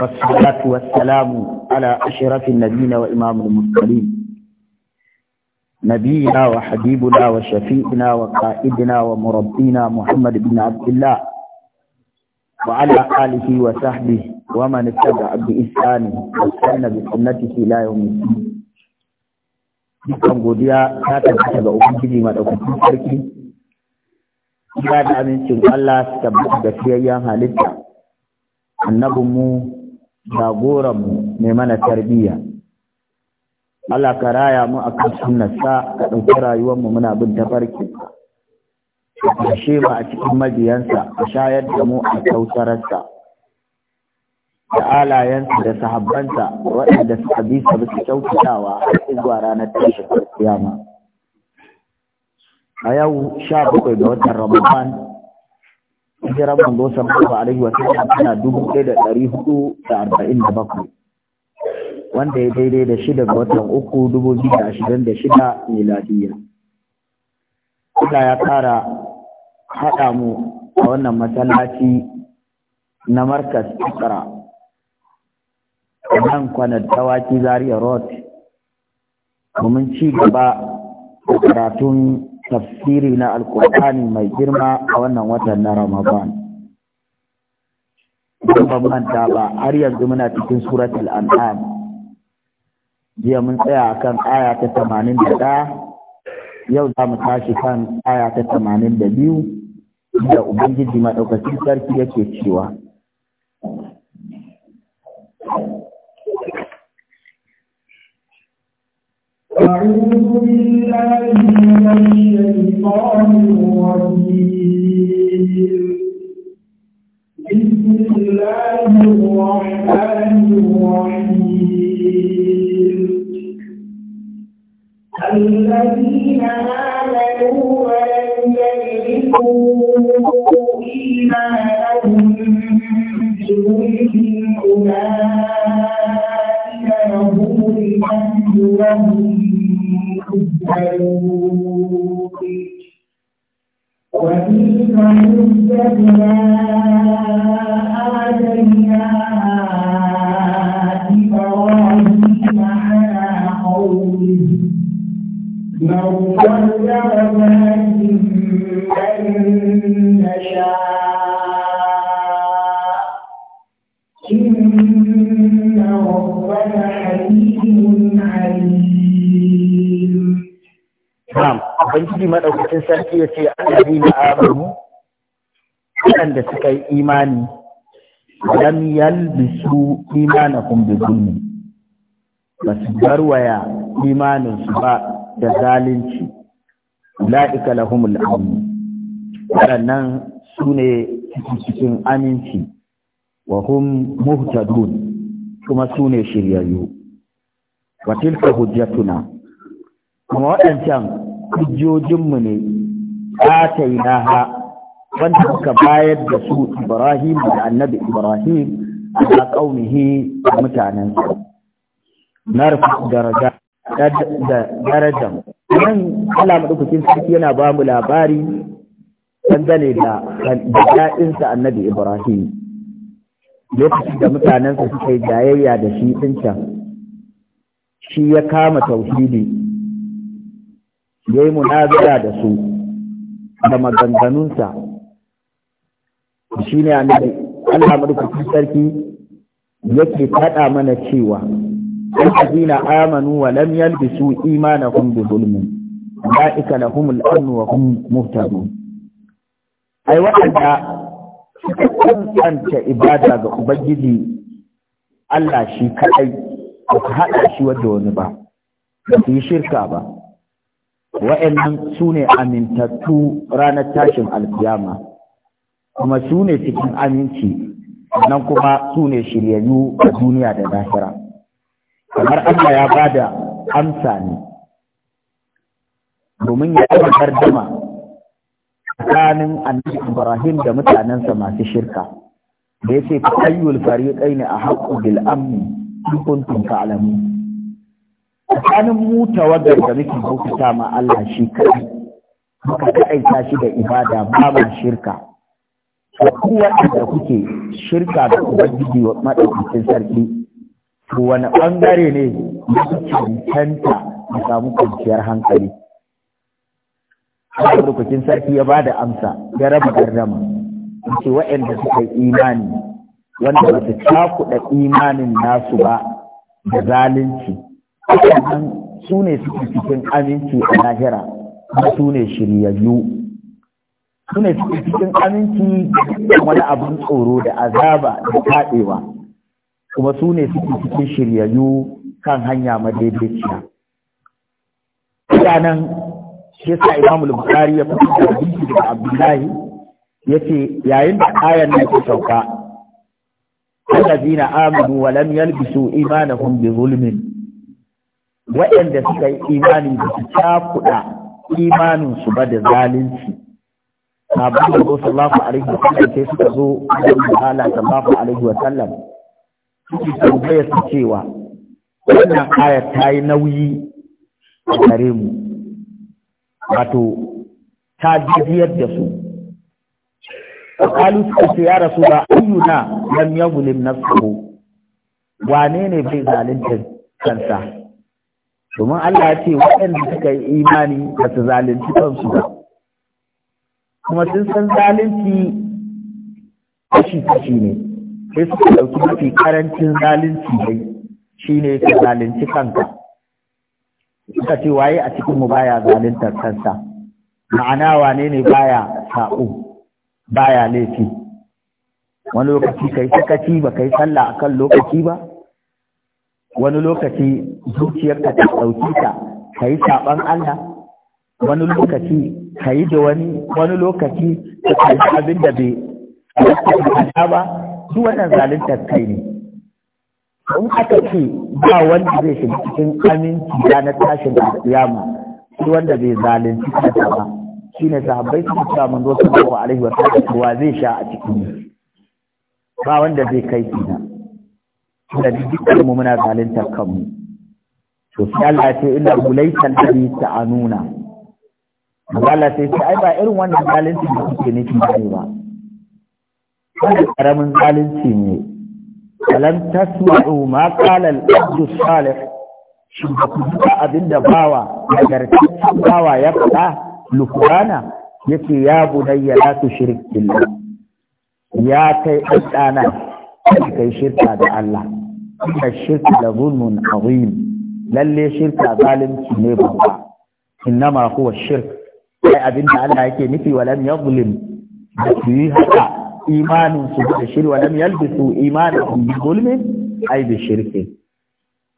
والصلاة والسلام على أشرف النبيين وإمام المرسلين نبينا وحبيبنا وشفيئنا وقائدنا ومربينا محمد بن عبد الله وعلى آله وصحبه ومن اتبع بإحسانه وسن بسنته إلى يوم الدين dukkan godiya ta tabbata ga mu mai mana tarbiyya Allah ka raya mu akan sunnarsa ka ɗauki mu muna bin tafarki. ka kashe mu a cikin majiyansa ka shayar da mu a kautararsa da alayensa da sahabbansa waɗanda suka bi su bisa kyautatawa har zuwa ranar tashin kiyama a yau sha bakwai ga watan ramadan hijiran manzo sallallahu alaihi wa sallam tana dubu ɗaya da ɗari hudu da arba'in da bakwai wanda ya daidai da shida ga watan uku dubu biyu da ashirin da shida miladiya Allah ya ƙara haɗa mu a wannan masallaci na markas ikra nan kwanar tawaki zaria road domin ci gaba da karatun tafsiri na alkur'ani mai girma a wannan watan na ramadan don ban manta ba har yanzu muna cikin suratul al'an'am jiya mun tsaya a kan aya ta tamanin da ɗaya yau za mu tashi kan aya ta tamanin da biyu da ubangiji maɗaukacin sarki yake cewa أعوذ بالله من الشيطان الرجيم بسم الله الرحمن الرحيم الذين آمنوا ولم يلبسوا إيمانهم بظلم أولئك لهم الأمن وهم الزيوت وإذا الزيوت maɗaukacin sarki ya ce allazi na amanu waɗanda suka yi imani lam yalbisu imanahum bi zulmi ba su garwaya imaninsu ba da zalunci ula'ika lahumul amn waɗannan su ne cikin aminci wa hum muhtadun kuma su ne shiryayyu wa tilka hujjatuna kuma waɗancan hujjojinmu ne ha wanda suka bayar da su Ibrahim da annabi Ibrahim da kaumihi da mutanen Na rufe daraja da daraja nan Allah madaukakin sarki yana ba mu labari dangane da da'insa annabi Ibrahim lokacin da mutanensa suka yi jayayya da shi tun shi ya kama tauhidi ya yi munazara da su da maganganunsa shi ne annabi Allah madaukakin sarki yake faɗa mana cewa allazina amanu wa lam yalbisu imanahum bi zulmin ulaika lahumul amn wa hum muhtadun ai waɗanda suka ibada ga ubangiji Allah shi kaɗai ba haɗa shi wadda wani ba ba su yi shirka ba wa'annan su ne amintattu ranar tashin alkiyama kuma su ne cikin aminci nan kuma su ne shiryayyu a duniya da lahira kamar Allah ya ba da amsa ne domin ya ɗaga gardama tsakanin annabi Ibrahim da mutanensa masu shirka da ya ce ka ayyul ne a haƙƙo bil'amni amni in kuntum tsakanin mu tawagar da muke bauta ma Allah shi kai muka kaɗaita shi da ibada babu shirka to ku da kuke shirka da ubangiji madaukakin sarki to wani bangare ne ya cancanta ya samu kwanciyar hankali Allah madaukakin sarki ya ba da amsa ya raba garrama waɗanda suka yi imani wanda ba su cakuɗa imanin nasu ba da zalunci sannan su ne suke cikin aminci a lahira kuma su ne shiryayyu su ne suke cikin aminci wani abin tsoro da azaba da kaɗewa kuma su ne suke cikin shiryayyu kan hanya madaidaiciya mutanen shi sa imam bukari ya fito da hadisi daga abdullahi yace yayin da ayan nan ke sauka wa lam yalbisu imanahum bi zulmin waɗanda suka yi imani da su cakuɗa imaninsu ba da zalunci ba da zo sallahu alaihi wa sallam sai suka zo da mahala sallahu alaihi wa sallam suke tambaya su cewa wannan aya ta yi nauyi a gare mu wato ta jijiyar da su Kalu suka ce ya rasu ba ayyuna lam yaghulim nafsuhu wane ne bai zalunta kansa domin Allah ya ce waɗanda suka yi imani ba su zalunci kansu ba kuma sun san zalunci kashi-kashi ne sai suka ɗauki mafi karancin zalunci dai shi ne ka zalunci kanka suka ce waye a cikinmu baya zaluntar kansa ma'ana wane ne baya sa'o baya laifi wani lokaci kai sakaci ba kai sallah akan lokaci ba wani lokaci zuciyarka ta ɗauki ka ka yi saɓon Allah wani lokaci ka yi da wani wani lokaci ka abin da bai hada ba su wannan zaluntar kai ne in aka ce ba wanda zai shiga cikin aminci da na tashin kiyama shi wanda bai zalunci ta ba shi ne sahabbai su cewa manzo sallallahu alaihi wa sallam wa zai sha a cikin ba wanda zai kai kina da dukkan mu muna zalunta kanmu to sai Allah ya ce illa bulaysa alladhi ta'anuna Allah sai ce ai ba irin wannan zalunci da kuke nufi ne ba wannan karamin zalunci ne alam tasma'u ma qala al-abdu salih shi ba ku abinda bawa nagartaccen bawa ya faɗa lukurana yake ya bunayya la tushrik billah ya kai ɗan ɗana kai shirka da Allah inda shirka da zulmun azim lalle shirka zalunci ne babba innama huwa shirka. sai abin da Allah yake nufi walam yadhlim da su yi haka imanin su da shirka walam yalbisu imanin bi zulmin ai bi shirki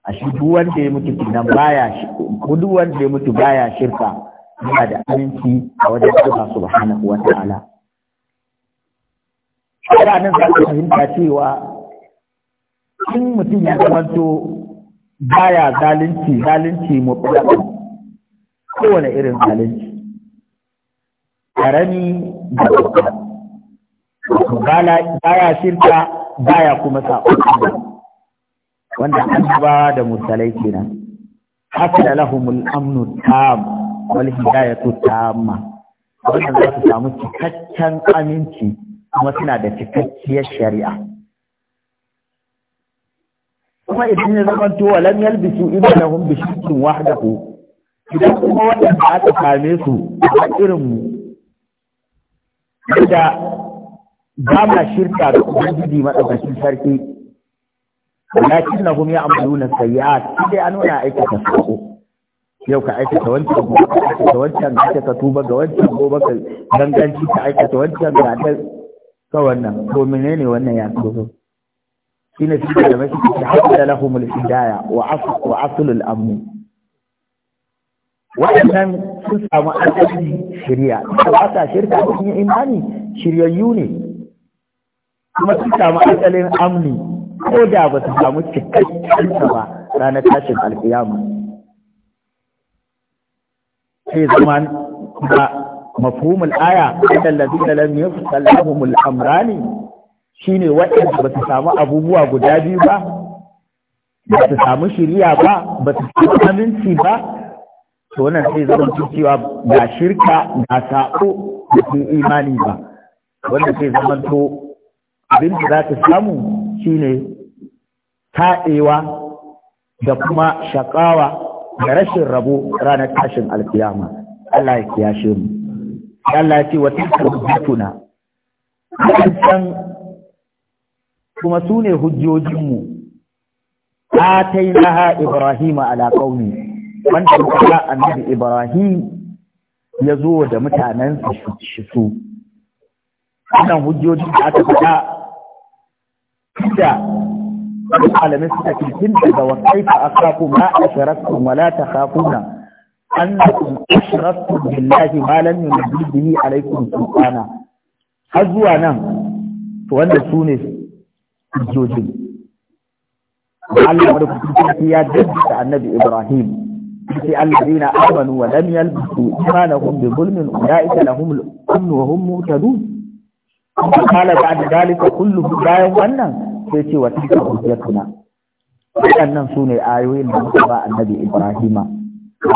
a shi duk wanda ya mutu kinan baya duk wanda ya mutu baya shirka yana da aminci a wajen Allah subhanahu wa ta'ala. Sai nan za ka fahimta cewa in mutum ya zamanto baya zalunci zalunci mutlaka kowane irin zalunci karami da babba baya shirka baya kuma sa'o'i, wanda ba da musalai kenan hasala lahumul amnu tam wal hidayatu tamma wannan za su samu cikakken aminci kuma suna da cikakkiyar shari'a kuma idan ya zama to lam yalbisu imanahum bi shirkin wahdahu idan kuma wanda aka same su a irin mu da ba ma shirka da ubangiji madaukakin sarki lakin na hum ya'maluna sayyi'at sai an nuna aikata sako yau ka aikata wancan gobe ka aikata wancan aika ta tuba ga wancan gobe ka danganci ka aikata wancan ga ta wannan to menene wannan ya so shine su da mai suke haɗa lahum al-hidaya wa asl wa waɗannan wannan sun samu asali shari'a da ba ta shirka cikin imani shiryayyu ne kuma sun samu asalin amni ko da ba su samu cikakken ba ranar tashin alkiyama sai zaman ba mafhumul aya annal ladina lam yafsal lahum amrani Shi ne waɗanda ba su samu abubuwa guda biyu ba ba su samu shirya ba ba su samu aminci ba to wannan sai zama cewa ga shirka ga saƙo da ke imani ba wanda sai zama to abin da za ta samu shi ne taɗewa da kuma shaƙawa da rashin rabo ranar tashin alkiyama Allah ya kiyashe mu Allah ya ce wa tilka rubutuna kuma su ne hujjojinmu atainaha Ibrahim ala qaumi wanda muka annabi ibrahim ya zo da mutanen shi su wannan hujjojin da aka faɗa da alamin suka cikin daga wasaifa akakum ma asharakum wala takhafuna annakum ashrakum billahi ma lam yunzil bihi sultana har zuwa nan to wanda su ne hujjojin Allah da kuma ya jaddada annabi Ibrahim sai na amanu wa lam yalbisu imanahum bi zulmin ulaika lahum al-amn wa hum muhtadun kuma kala da dalika kullu bayan wannan sai ce wa tilka hujjatuna waɗannan su ne ayoyin da muka ba annabi Ibrahima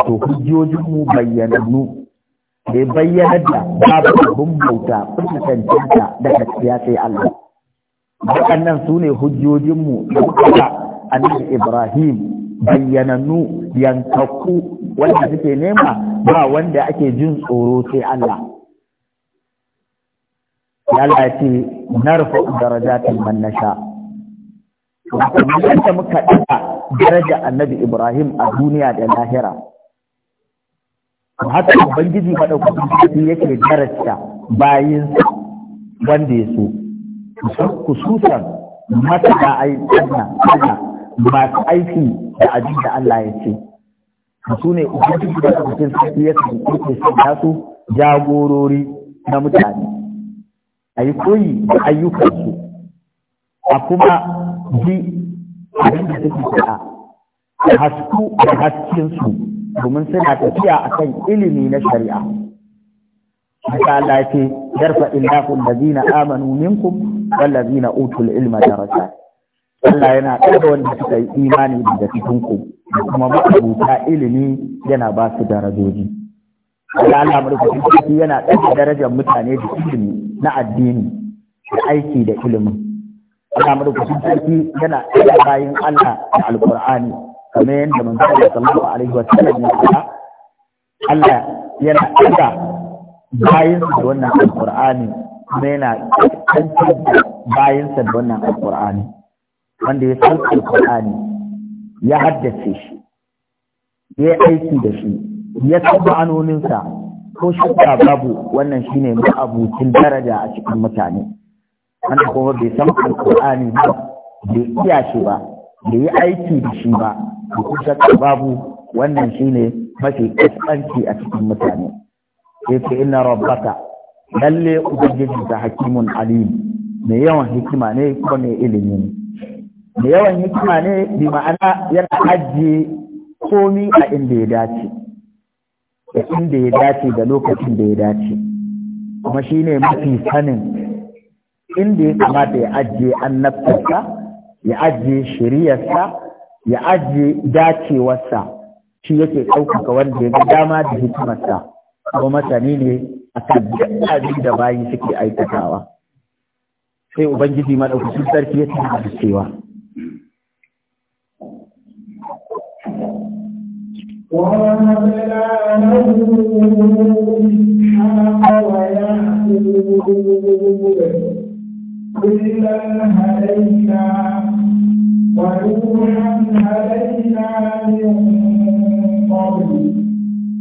to hujjojin mu bayyanannu da bayyanar da babu abin bauta kuma cancanta da gaskiya sai Allah waɗannan su ne hujjojinmu da kuka annabi ibrahim bayyanannu yankakku wanda suke nema ba wanda ake jin tsoro sai allah Allah ya ce narfa darajatin man nasha yadda muka ɗaga daraja annabi Ibrahim a duniya da lahira haka ubangiji maɗaukakin yake darasta bayinsa wanda ya so khususan mata a ayyana masu aiki da abin da Allah ya ce su ne ubangiji da cikin sarki ya kasance da su jagorori na mutane a yi koyi da ayyukansu a kuma ji abin da suke faɗa hasku da haskinsu domin suna tafiya akan ilimi na shari'a haka Allah ya ce yarfa illahu amanu minkum utul ilma darajat Allah yana ɗaga wanda suka yi imani daga cikin ku kuma makabuta ilimi yana ba su darajoji Allah Allah sarki yana ɗaga darajar mutane da ilimi na addini da aiki da ilimin Allah madaukakin sarki yana ɗaga bayan Allah da alƙur'ani kamar yadda mun sallallahu alaihi wa sallam ya faɗa Allah yana ɗaga bayan da wannan alkur'ani kuma yana kankan da bayansa da wannan alkur'ani wanda ya san alkur'ani ya haddace shi ya yi aiki da shi ya taba anoninsa ko shakka babu wannan shi ne ma'abucin daraja a cikin mutane wanda kuma bai san alkur'ani ba bai iya shi ba bai yi aiki da shi ba ko shakka babu wannan shi ne mafi kaskanci a cikin mutane yace inna rabbaka lalle ubangiji ta hakimun alim me yawan hikima ne ko ne ilimi ne yawan hikima ne bi ma'ana yana ajiye komi a inda ya dace da inda ya dace da lokacin da ya dace kuma shine mafi sanin inda ya kamata ya ajiye annabtarsa ya ajiye shiriyarsa ya ajiye dacewarsa shi yake ɗaukaka wanda ya ga dama da hikimarsa abu masani ne a kan duk da bayi suke aikatawa sai ubangiji maɗaukacin sarki ya tana da cewa وَوَهَبْنَا لَهُ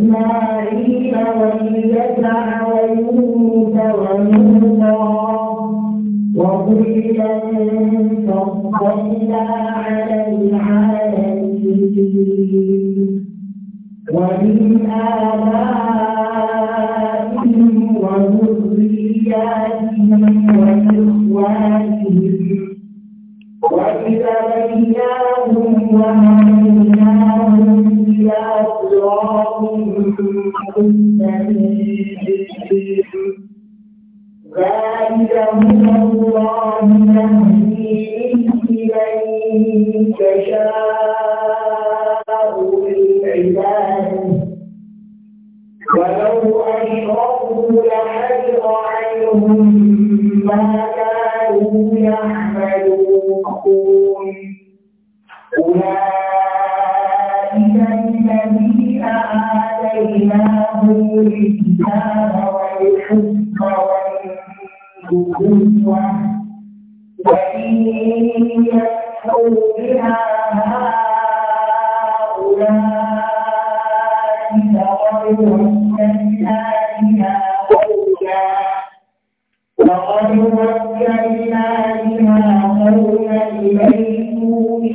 وإسماعيل واليسع ويونس ولوطا وكلا فضلنا على العالمين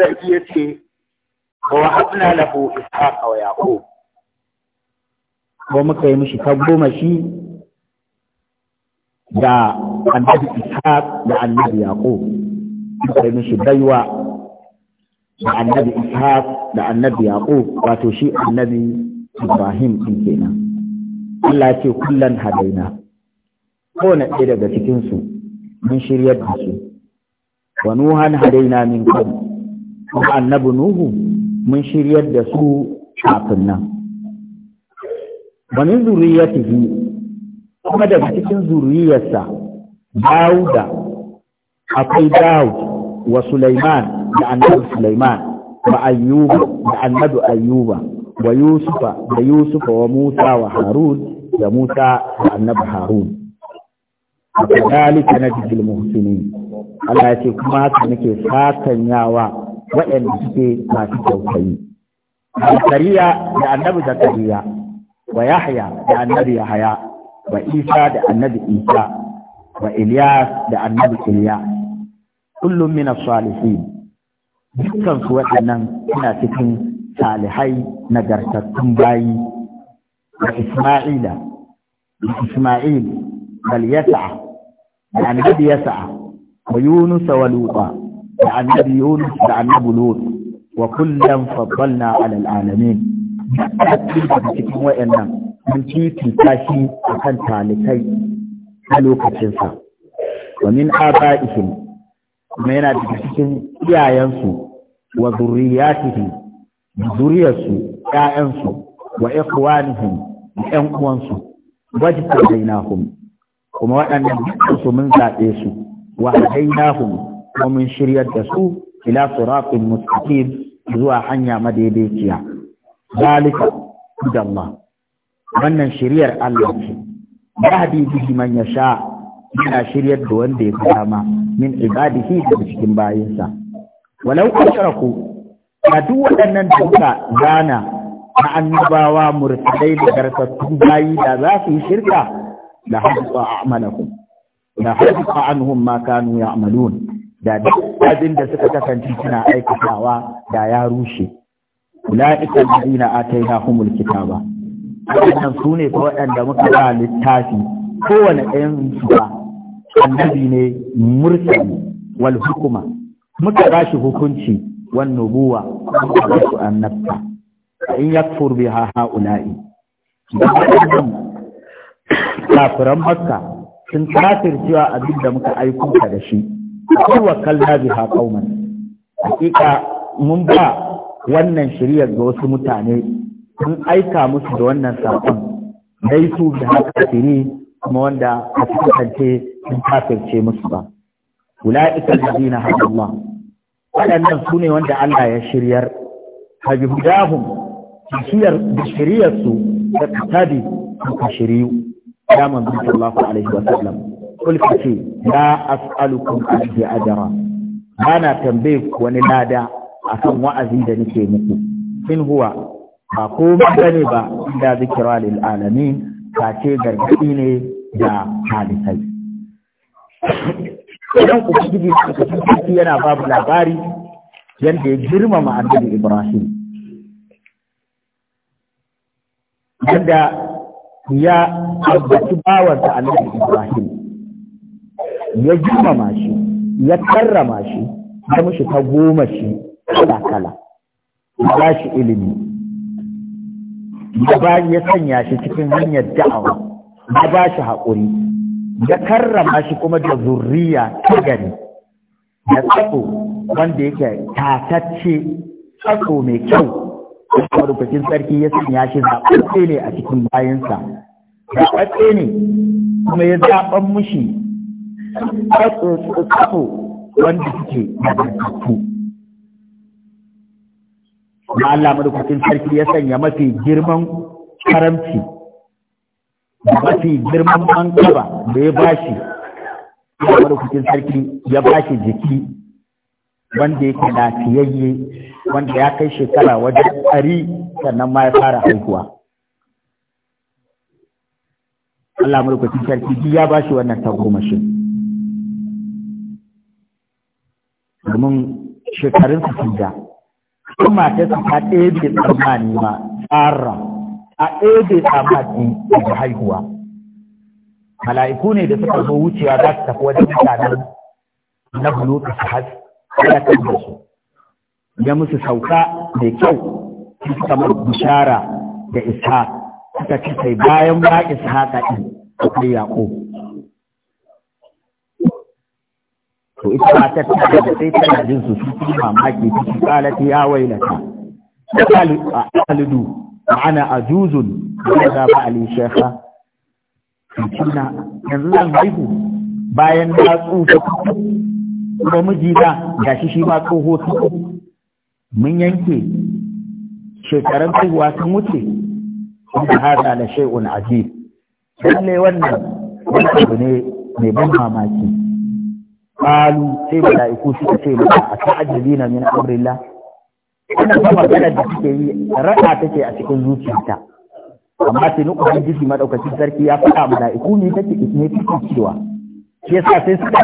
sarki ya ce wa habna lahu ishaqa wa yaqub ko muka yi mishi ta goma shi da annabi ishaq da annabi yaqub muka yi mishi baiwa da annabi ishaq da annabi yaqub wato shi annabi ibrahim din kenan Allah ce kullan hadaina kowane ɗaya daga cikinsu mun shiryar da su wa nuhan hadaina min qabl kuma annabi nuhu mun shiryar da su kafin nan wani tafi kuma daga cikin zuriyarsa dauda akwai daud wa sulaiman da annabi sulaiman wa ayyuba da annabi ayyuba wa yusufa da yusufa wa musa wa harun da musa da annabi harun a kadalika na jigil muhsinin Allah ya ce kuma haka nake sakanyawa waɗanda suke masu tausayi zakariya da annabi zakariya wa yahya da annabi yahaya, wa isa da annabi isa wa iliyas da annabi iliya. kullum min salihi dukansu waɗannan suna cikin salihai nagartattun bayi da isma'ila da isma'il bal yasa'a da annabi yasa'a wa yunusa wa lutan da annabi Yunus da annabi Lut wa kullum faddalna alal alamin da cikin wayannan mun fifita shi akan talikai a lokacinsa wa min aba'ihim kuma yana da cikin iyayensu wa zurriyatihim zuriyarsu ƴaƴansu wa ikhwanihim ƴan uwansu wajtabainahum kuma waɗannan dukkan su mun zaɓe su wa hadainahum Kuma mun shiryar da su ila siratin mustaqim zuwa hanya madaidaiciya zalika hudallah wannan shiryar Allah ce yahdi bihi man yasha yana shiryar da wanda ya dama min ibadihi da cikin bayinsa walau ashraku a duk waɗannan duka gana na annabawa murtadai da garsattun bayi da za su yi shirka la hadqa a'malakum la a anhum ma kanu ya'malun da duk abin da suka kasance suna aikatawa da ya rushe ula'ika alladhina atainahumul kitaba wannan su ne fa waɗanda muka ba littafi kowane ɗayan su ba annabi ne mursali wal hukuma muka ba shi hukunci wan nubuwa muka ba annabta in yakfur biha haula'i kafiran makka sun kafircewa abin da muka aiko ka da shi tawakkalna biha qauman hakika mun ba wannan shiriyar ga wasu mutane mun aika musu da wannan sakon dai su da haka kuma wanda a kasance sun kafirce musu ba ula'ika alladhina hada Allah waɗannan su ne wanda Allah ya shiryar fa bihudahum shiriyar da shiriyar su ta kitabi ka shiriyu ya manzo sallallahu alaihi wa sallam kulkace la as'alukum alaihi ajra bana tambaye ku wani lada akan wa'azi da nake muku in huwa ba komai bane ba da zikira lil alamin kace gargadi ne da halisai idan ubangiji sarki yana babu labari yadda ya girmama annabi ibrahim yadda ya ambaci bawansa annabi ibrahim ya girmama shi ya karrama shi ya mushi ta goma shi kala kala ya shi ilimi ya ba ya sanya shi cikin hanyar da'awa ya ba shi haƙuri ya karrama shi kuma da zurriya ta gari ya tsatso wanda yake tatacce tsatso mai kyau marubucin sarki ya sanya shi zaɓaɓɓe ne a cikin bayansa zaɓaɓɓe ne kuma ya zaɓan mushi tsatso wanda suke nagartattu ma Allah madaukakin sarki ya sanya mafi girman karamci da mafi girman bankaba da ya bashi Allah madaukakin sarki ya bashi jiki wanda yake lafiyayye wanda ya kai shekara wajen ɗari sannan ma ya fara haihuwa Allah mulkucin sarki ya bashi wannan tagomashin domin shekarun su da kuma ta su ta ɗebe tsammani ma tsara a ɗebe tsammani da haihuwa mala'iku ne da suka zo wucewa za su tafi wajen mutanen na bulu su hatsi ya kan da su ya musu sauka mai kyau suka mai bishara da isa suka ce sai bayan ba isa haƙaƙi ɗin akwai yaƙo to ita matar ta da sai tana jin su su mamaki ta ci kalati ya wailata alidu ma'ana ajuzun da za ba ali shekha cikina yanzu zan haihu bayan na tsufa kuma mijina gashi shi ma tsoho tuku mun yanke shekaran haihuwa sun wuce inda hada da shay'un ajib lalle wannan wani abu ne mai ban mamaki Kalu sai mala'iku suka ce mata na min amrillah wannan ba magana da suke yi raɗa take a cikin zuciyarta amma sai nuku hadisi madaukakin sarki ya faɗa mala'iku ne take ne take cewa shi yasa sai suka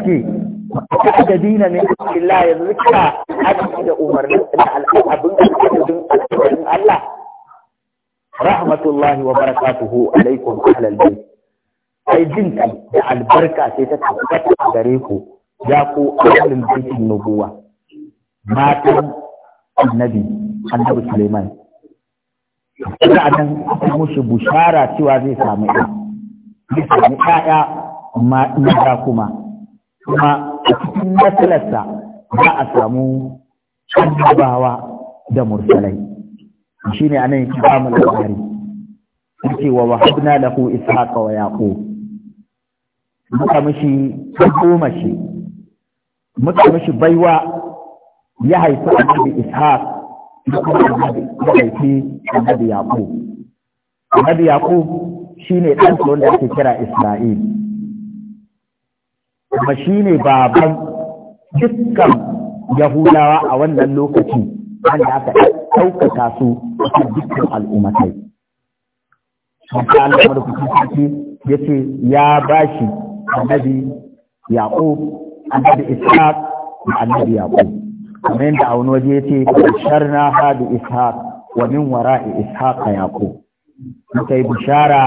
ce na min amrillah yanzu ka hadisi da umarnin da al'abin da Allah rahmatullahi wa barakatuhu alaikum ahlal bait ai jin da albarka sai ta tabbata gare ku ya ko ahalin baitin nubuwa matan annabi annabi Suleiman a nan aka musu bushara cewa zai samu ɗa zai samu ɗaya maza kuma kuma a cikin matsalarsa za a samu annabawa da mursalai shi anan yake ba mu labari yake wa wahabna lahu ishaqa wa yaqub muka mishi goma shi muka mishi baiwa ya haifi annabi ishaq da kuma annabi ya haifi annabi yaqub annabi yaqub shine dan wanda ake kira isra'il kuma shine baban dukkan yahudawa a wannan lokaci wanda aka ɗaukaka su a dukkan al'ummatai Maka Allah ya ce ya bashi annabi Yaƙo annabi ishaq da annabi yaqub kamar yadda a wani waje yace ce ha da ishaq wa min wara'i ishaq yaqub muka yi bishara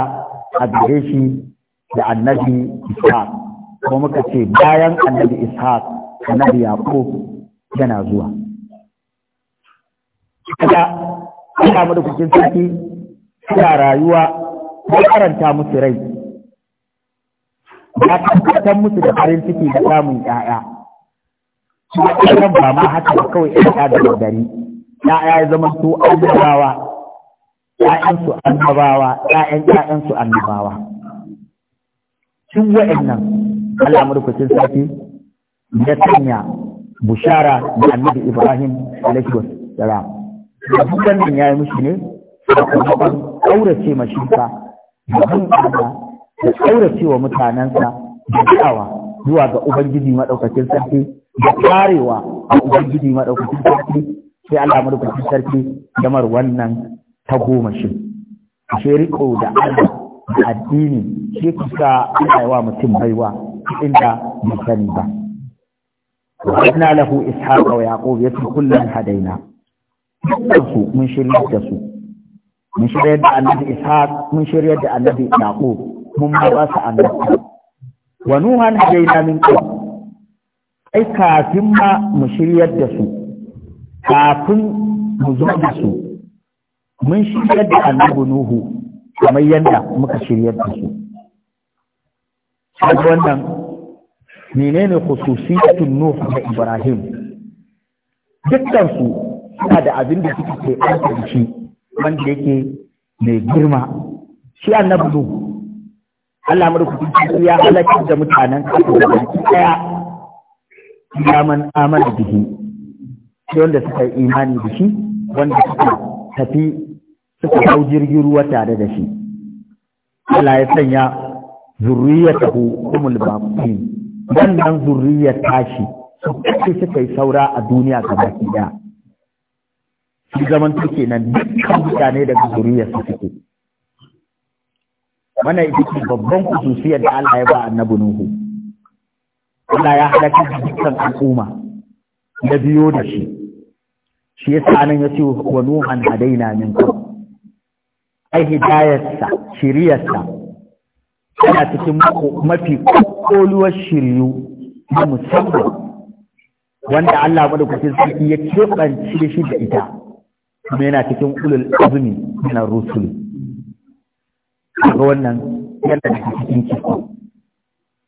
a gare shi da annabi ishaq kuma muka ce bayan annabi ishaq annabi yaqub yana zuwa kada da madaukakin sarki ya rayuwa ya karanta musu rai ya tabbatar musu da farin ciki da samun ƴaƴa su ƴaƴan ba ma haka ba kawai ƴaƴa da gari ƴaƴa ya zama su annabawa ƴaƴansu annabawa ƴaƴan ƴaƴansu annabawa shin wa'annan Allah madaukakin sarki ya sanya bushara da annabi Ibrahim alaihi wassalam da dukkan ya yi mushi ne sakamakon aurace mashika da bin Allah da tsaurace wa mutanensa da da'awa zuwa ga ubangiji maɗaukacin sarki da karewa a ubangiji maɗaukacin sarki sai Allah madaukakin sarki damar wannan ta goma shi shi riko da Allah da addini shi kusa ina wa mutum baiwa inda bai sani ba وإنا له إسحاق ويعقوب يتي كلا kullum su mun shirya da su mun shirya da annabi ishaq mun shirya da annabi yaqub mun ma ba su annabta wa nuhan hadaina min qabl ai kafin ma mu shiryar da su kafin mu zo da su mun shiryar da annabi nuhu kamar yadda muka shiryar da su sai wannan menene khususiyatun nuhu da ibrahim dukkan su suna da abin da suke ke an shi wanda yake mai girma shi annabi nuhu Allah madaukakin sarki ya halakar da mutanen kasa da baki daya ya man da bihi shi wanda suka yi imani da shi wanda suka tafi suka hau jirgin ruwa tare da shi Allah ya sanya zurriyatahu humul baqin wannan zurriyar tashi su kace suka yi saura a duniya baki daya su zaman to nan dukkan mutane daga zuriyar su suke mana ita ce babban kususiyar da Allah ya ba annabi Nuhu Allah ya halaka dukkan al'umma da biyo da shi shi yasa nan yace wa nuhan hadaina min qabl ai hidayarsa shiriyarsa tana cikin mafi kokoluwar shiryu na musamman wanda Allah madaukakin sarki ya keɓance shi da ita kuma yana cikin ulul azumi na rusul ga wannan yana da cikin ciki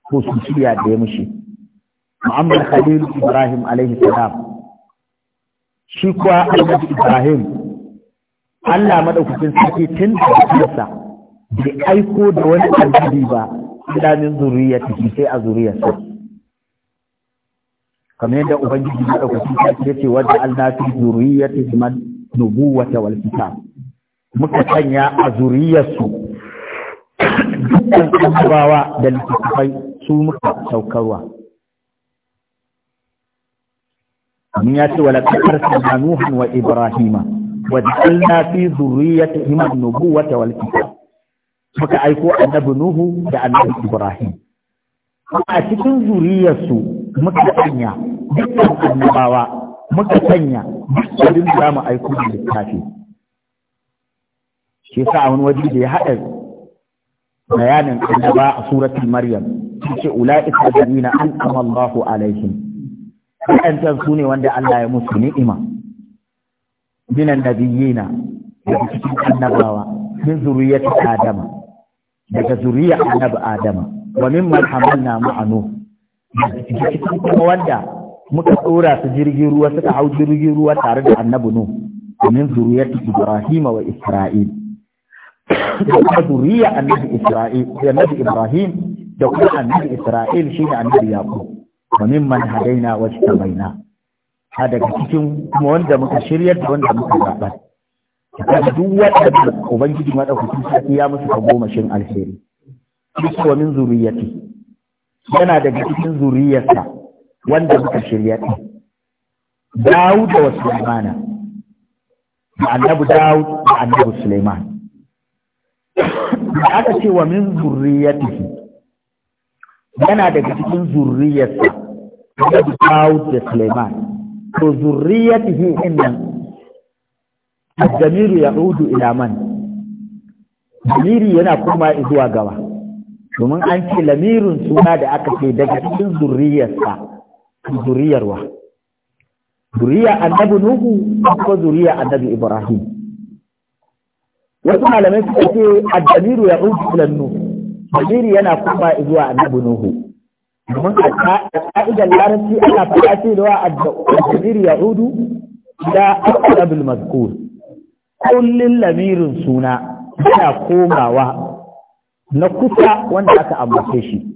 ko shirya da ya mushi Muhammad Khalil Ibrahim alaihi salam shi kuwa Ahmad Ibrahim Allah madaukakin sarki tun da kansa bai aiko da wani annabi ba illa min zuriyyati sai a zuriyarsa kamar yadda ubangiji madaukakin sarki yace wanda Allah fi zuriyatihi man nubuwata wal kitab muka sanya a zuriyarsu dukkan annabawa da littattafai su muka saukarwa mun ya ce wala arsalna nuhan wa ibrahima wa ja'alna fi dhurriyyatihim an nubu wata kitab muka aiko annabi nuhu da annabi ibrahim a cikin zuriyarsu muka sanya dukkan annabawa muka sanya dukkan da mu aiko da littafi shi sa a wani waje da ya haɗa bayanin annaba a suratul maryam ce ula'ika alladhina an'ama Allahu alaihim wa'antan su ne wanda Allah ya musu ni'ima minan nabiyina daga cikin annabawa min zuriyyati adama daga zuriya annabi adama wa mimman hamalna ma'anu daga cikin kuma wanda muka tsora su jirgin ruwa suka hau jirgin ruwa tare da annabi nu min zuriyyati ibrahima wa isra'il da kuma zuriya annabi Isra'il annabi Ibrahim da kuma annabi Isra'il shine annabi Yaqub wa mimman hadaina wa tabaina Ha daga cikin kuma wanda muka shiryar da wanda muka zaɓa kaga duk wanda ubangiji madaukakin sarki ya musu kagomashin alheri duk wa min zuriyati yana daga cikin zuriyarsa wanda muka shirya ɗin Dawud da Sulaimana da annabi Dawud da annabi Suleiman. da aka ce wa min zurriyatihi yana daga cikin zurriyarsa da Dawud da Suleiman to zurriyatihi innan ya udu ila man, ضميري yana kuma zuwa gaba domin an ce lamirin suna da aka ce daga cikin zuriyarsa zurriyarwa. zuriya annabi nuhu ko zurriya annabi ibrahim wasu malamai suka ce addamiru ya rubu ilan nuhu daliri yana kuma zuwa annabi nuhu domin a ka'idar larabci ana faɗa cewa addamiru ya rubu da akwabul mazkur kullun lamirin suna yana komawa na kusa wanda aka ambace shi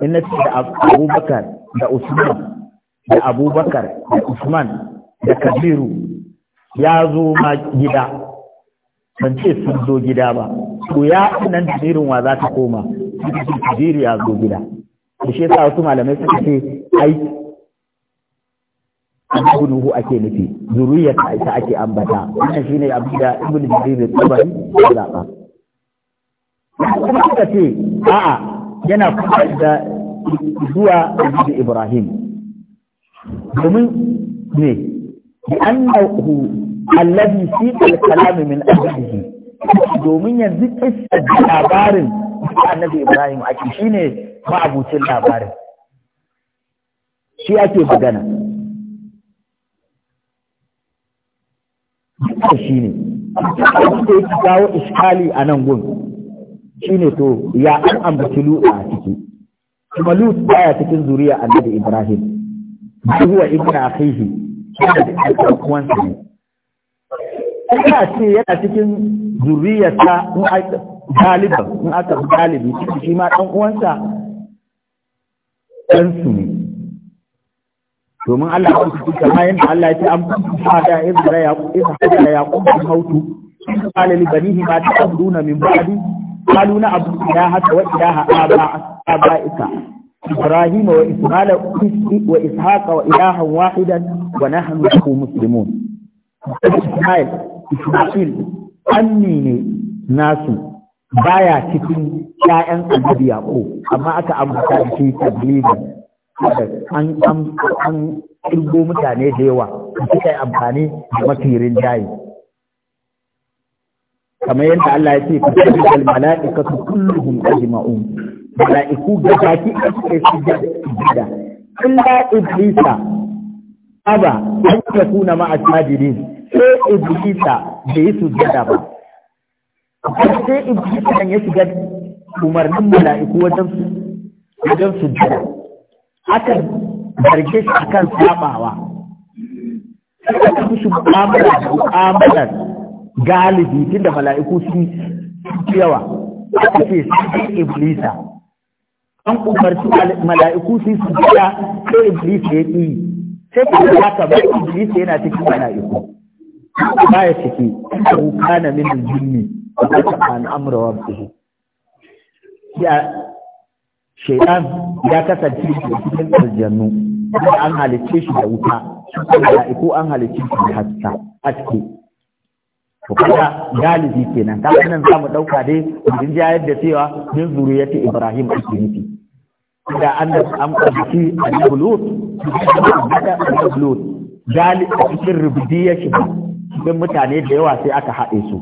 in na da abubakar da usman da abubakar da usman da kabiru ya zo ma gida ban ce sun zo gida ba to ya nan jirin wa za ta koma jiri ya zo gida da shi yasa wasu malamai suka ce ai abu nuhu ake nufi zuriya ta ake ambata wannan shine abu da ibn jarir al-tabari ya zaba kuma suka ce a'a yana kuma da zuwa annabi ibrahim domin ne bi annahu allazi fi kalami min ajlihi domin yanzu kissa labarin annabi Ibrahim ake ne ma'abucin labarin shi ake magana shi ne da yake kawo iskali a nan gun shi ne to ya an ambaci a ciki kuma lutsa baya cikin zuriya annabi Ibrahim zuwa huwa a kai shi shi ne da ɗan uwansa ne ina ce yana cikin zuriyarsa in aka galiban in aka galibi shi ma ɗan uwansa ɗansu ne domin Allah ya kusa kama yadda Allah ya ce an kusa da izra ya kusa da ya kusa hautu qala li banihi ma ta'buduna min ba'di qalu na abu ilaha wa ilaha aba'ika Ibrahim wa isma'ila wa ishaqa wa ilahan wahidan wa nahnu lahu muslimun Ismail Isma'il anni ne nasu baya cikin ƴaƴan annabi Yaqub amma aka ambata shi tabliga an an an kirgo mutane da yawa suka yi amfani da makirin jayi kamar yadda Allah ya ce fa tilkal mala'ikatu kulluhum ajma'un mala'iku da baki a cikin sujada illa iblisa aba an yakuna ma'a sajidin sai ibilisa da yi sujjada ba sai ibilisa nan ya shiga umarnin mala'iku wajen wajen sujjada aka zarge shi akan sabawa sai aka mishi mu'amala da mu'amalar galibi tunda mala'iku sun yawa aka ce sai ibilisa an umarci mala'iku su yi sujjada sai ibilisa ya ƙi sai kuma haka ba ibilisa yana cikin mala'iku ba ya ciki ko kana min jinni ta an amra wa bihi ya shaytan ya kasance cikin aljannu an halicce shi da wuta mala'iku an halicce shi da a aski to kaga galibi kenan kaga nan zamu dauka dai idan jayar da cewa min zuriyati ibrahim ake nufi da an da an ƙarfi a Lut, da Lut, a cikin rubutu shi ba, cikin mutane da yawa sai aka haɗe su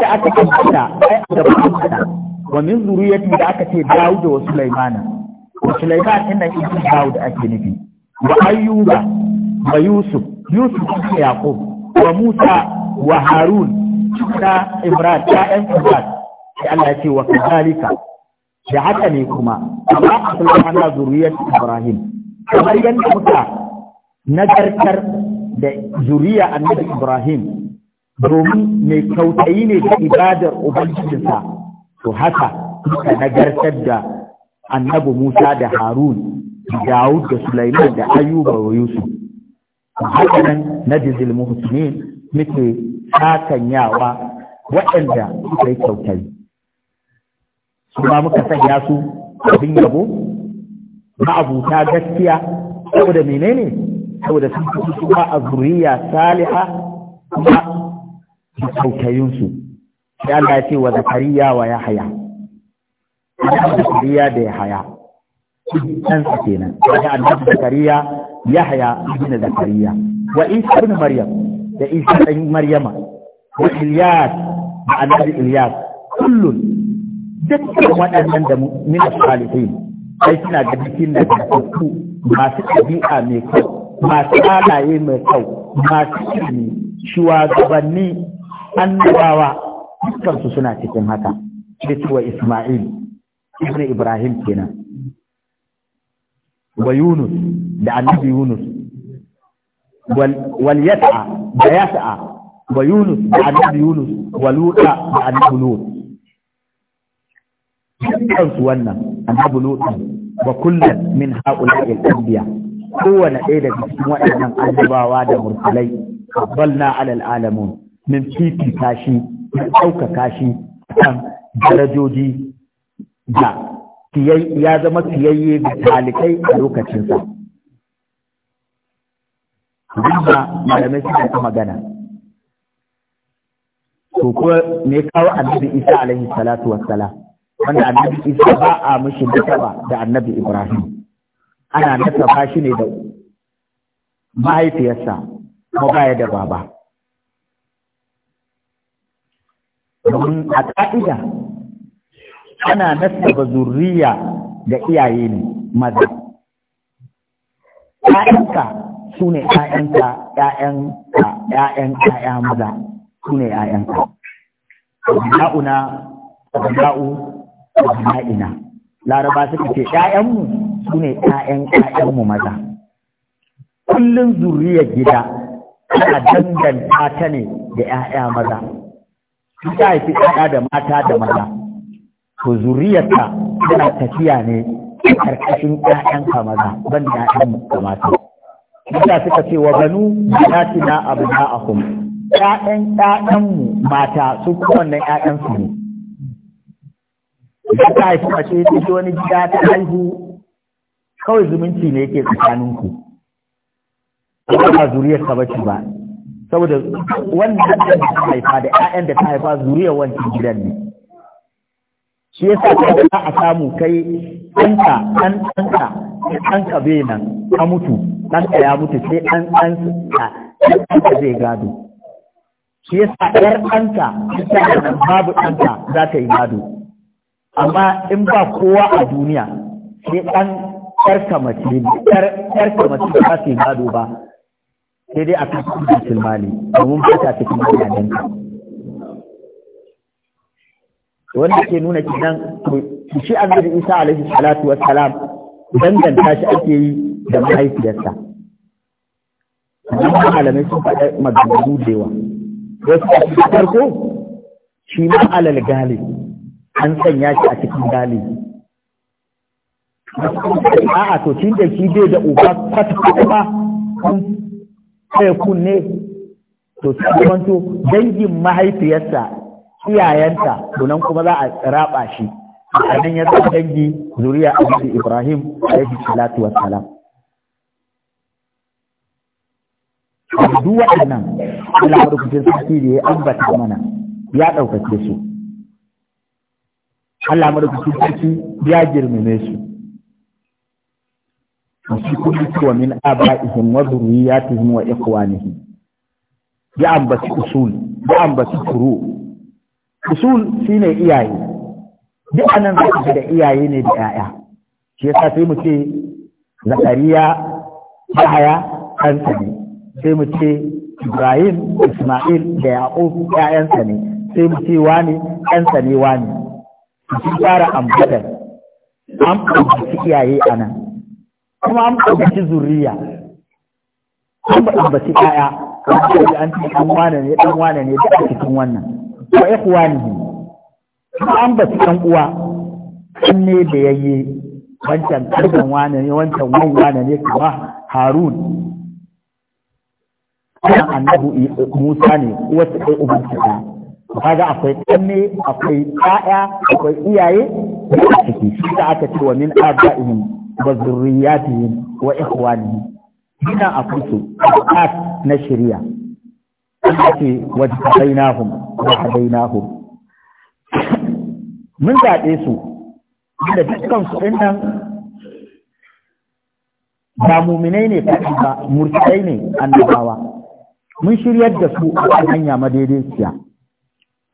da aka ambata ai aka ambata wa min zuriyati da aka ce Wasu wa Sulaimana wa Sulaiman din nan dawo da ake nufi wa Ayyuba wa Yusuf Yusuf da Yaqub wa Musa wa Harun cikin Ibrahim ƴaƴan Ibrahim sai Allah ya ce wa kadhalika da haka ne kuma amma asalin Allah zuriyati Ibrahim kamar yadda muka nagartar da zuriya annabi Ibrahim domin mai kautayi ne ta ibadar ubangijinsa to haka suka nagartar da annabi Musa da Harun Dawud da Sulaiman da Ayuba wa Yusuf haka nan na dizil muhsinin muke sakanyawa waɗanda suka yi kautayi su ma muka sanya su abin yabo ma'abuta gaskiya saboda menene saboda sun fi su a zuriya saliha kuma da sautayinsu sai Allah ya ce wa zakariya wa ya haya zakariya da ya haya ɗansa kenan daga annabi zakariya ya haya ibn zakariya wa isa ibn maryam da isa ɗan maryama wa ilyas da annabi ilyas kullun dukkan waɗannan da min salihin sai suna da bikin da ku masu ɗabi'a mai kyau masu halaye mai kyau masu ilimi shugabanni annabawa dukkansu suna cikin haka da cewa Ismail ibn Ibrahim kenan wa Yunus da annabi Yunus wal yat'a da yat'a wa Yunus da annabi Yunus wa Lut'a da annabi Lut dukkansu wannan annabi Lut wa kullum min al anbiya kowane ɗaya da cikin waɗannan annabawa da mursalai na alal alamun min fifita kashi, min ɗauka kashi kan darajoji da ya zama fiyayye da talikai a lokacinsa Zuma malamai suna ta magana. To ko ne kawo annabi Isa alaihi salatu wassalam wanda annabi Isa ba a mishi da annabi Ibrahim. ana nasaba shi ne da mahaifiyarsa ko baya da baba domin a ƙa'ida ana nasaba zurriya da iyaye ne maza ‘ya'yanka su ne ‘ya'yanka ‘ya'yanka ‘ya'yanka ‘ya'ya maza su ne ‘ya'yanka ‘ya'una’ ‘ya'u’ ‘ya'ina’ laraba suka ce ‘ya'yanmu’ su ne ya'yan mu maza kullum zuriyar gida ana danganta ta ne da ƴaƴa maza sun ta haifi ƴaƴa da mata da maza to zuriyarta tana tafiya ne ƙarƙashin karkashin ka maza ban da ƴaƴanmu da mata Isa suka ce wa banu banatina abna'akum ƴaƴan mu mata su kuma wannan su ne Ya ta haifi mace ta wani gida ta haihu kawai zumunci ne yake tsakaninku ba zuriyar ka bace ba saboda wannan da ta haifa da ƴaƴan da ta haifa zuriyar wancan gidan ne shi yasa ka ga a samu kai ɗanka ɗan ɗanka ɗanka bai nan ka mutu ɗanka ya mutu sai ɗan ɗan ɗanka zai gado shi yasa ɗan ɗanka ita babu ɗanka za ta yi gado amma in ba kowa a duniya sai ɗan ƴarka mace ba za su yi gado ba sai dai a kan kudin mali domin fata cikin bayanan ka wanda ke nuna kinan shi zai isa alaihi salatu wassalam danganta shi ake yi da mahaifiyarsa sannan malamai sun faɗa maganganu da yawa wasu farko shi ma alal galib an sanya shi a cikin gali. a'a to tun da shi bai da uba kwata kuma sai kun ne to sai to dangin mahaifiyarsa iyayenta donan nan kuma za a raba shi a nan ya zama dangi zuriya abin ibrahim alaihi salatu wassalam duk waɗannan Allah madaukakin sarki da ya ambata mana ya ɗaukace su Allah madaukakin sarki ya girmame su fi kulli wa min aba'ihim wa dhurriyyatihim wa ikhwanihim ya ambaci usul ya ambaci furu usul shine iyaye duk anan zaka da iyaye ne da yaya shi yasa sai mu ce zakariya yahaya ɗansa ne sai mu ce ibrahim isma'il da yaqub ƴaƴansa ne sai mu ce wani ɗansa ne wani sun fara ambatar an ambaci iyaye anan kuma an ambaci zuriya an ambaci kaya an ce an wane ne ɗan wane ne a cikin wannan kuwa ne kuma an ambaci dan uwa kan ne da ya yi wancan karban wane ne wancan wan wane ne kuma harun kan annabu musa ne wasu ɗaya ubanci ɗaya kaga akwai kanne akwai ƴaƴa akwai iyaye da ciki shi da aka ce wa min aba'ihim wa zurriyatihim wa ikhwanihim ina a fito at na shari'a Allah ce wajhadainahum wa hadainahum mun zaɓe su da dukkan su din nan ba muminai ne kaɗi ba murtai ne annabawa mun shiryar da su a kan hanya madaidaiciya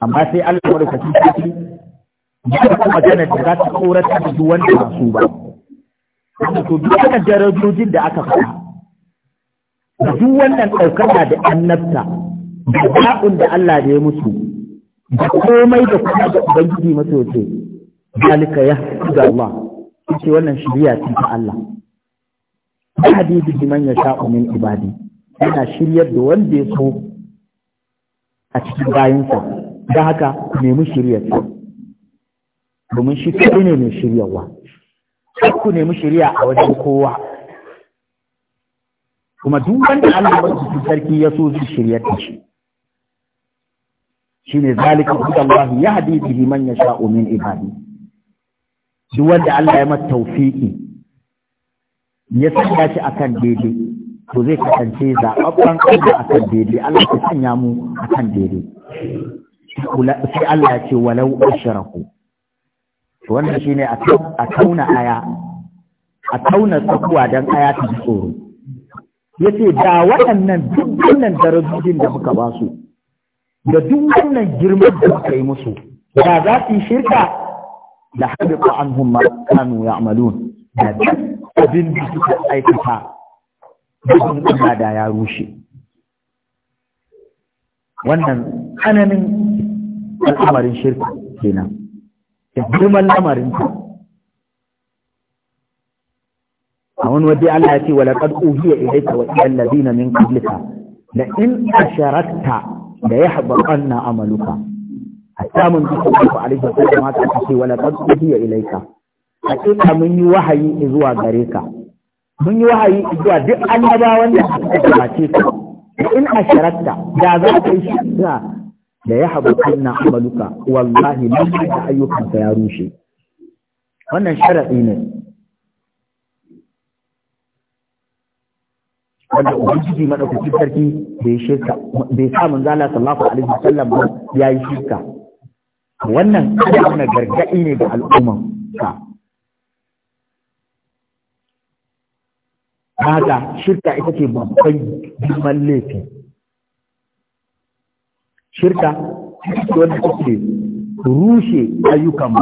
amma sai Allah ya rubuta shi ya kuma magana da za ta tsoratar da wanda su ba to duk wannan darajojin da aka faɗa duk wannan ɗaukaka da annabta da ba'un da Allah da ya mutu da komai da kuma da ubangiji masoce zalika ya ga Allah ce wannan shiriya ce ta Allah hadi bi man yasha'u min ibadi yana shiryar da wanda ya so a cikin bayansa da haka nemi shiryar domin shi kaɗai ne mai shiryarwa kar ku nemi shari'a a wajen kowa kuma duk wanda Allah ci sarki ya so zai shirya ta shi shine zalika ya yahdi bihi man yasha'u min ibadi duk wanda Allah ya mata tawfiki ya sanya shi akan daidai to zai kasance zaɓaɓɓen a kan daidai Allah ya sanya mu akan daidai sai Allah ya ce walau ashraku to wannan shine a tauna aya a tauna tsakuwa don aya ta tsoro ya ce da waɗannan duk wannan darajojin da muka ba su da duk wannan girman da muka yi musu da za su yi shirka da haɗuka an hunma kanu ya amalu da duk abin da suka aikata dukkan Allah da ya rushe wannan tsananin al'amarin shirka kenan da girman lamarin ta a wani waje Allah ya ce wa laqad uhiya ilayka wa ila alladhina min qablika la in asharakta da yahbatanna amaluka hatta mun sallallahu alaihi wa sallam haka ce wa laqad uhiya ilayka hakika mun yi wahayi zuwa gare ka mun yi wahayi zuwa duk annabawan da suka gabace ka in asharakta da za ka yi shirka da ya haɓu na amaluka wallahi lallai da ayyukansa ya rushe wannan sharaɗi ne wanda ubangiji madaukakin sarki bai shirka bai sa manzo Allah sallallahu alaihi wasallam ba yi shirka wannan kada wani gargadi ne ga al'umman ka haka shirka ita ce babban girman laifin. shirka wanda take rushe ayyukan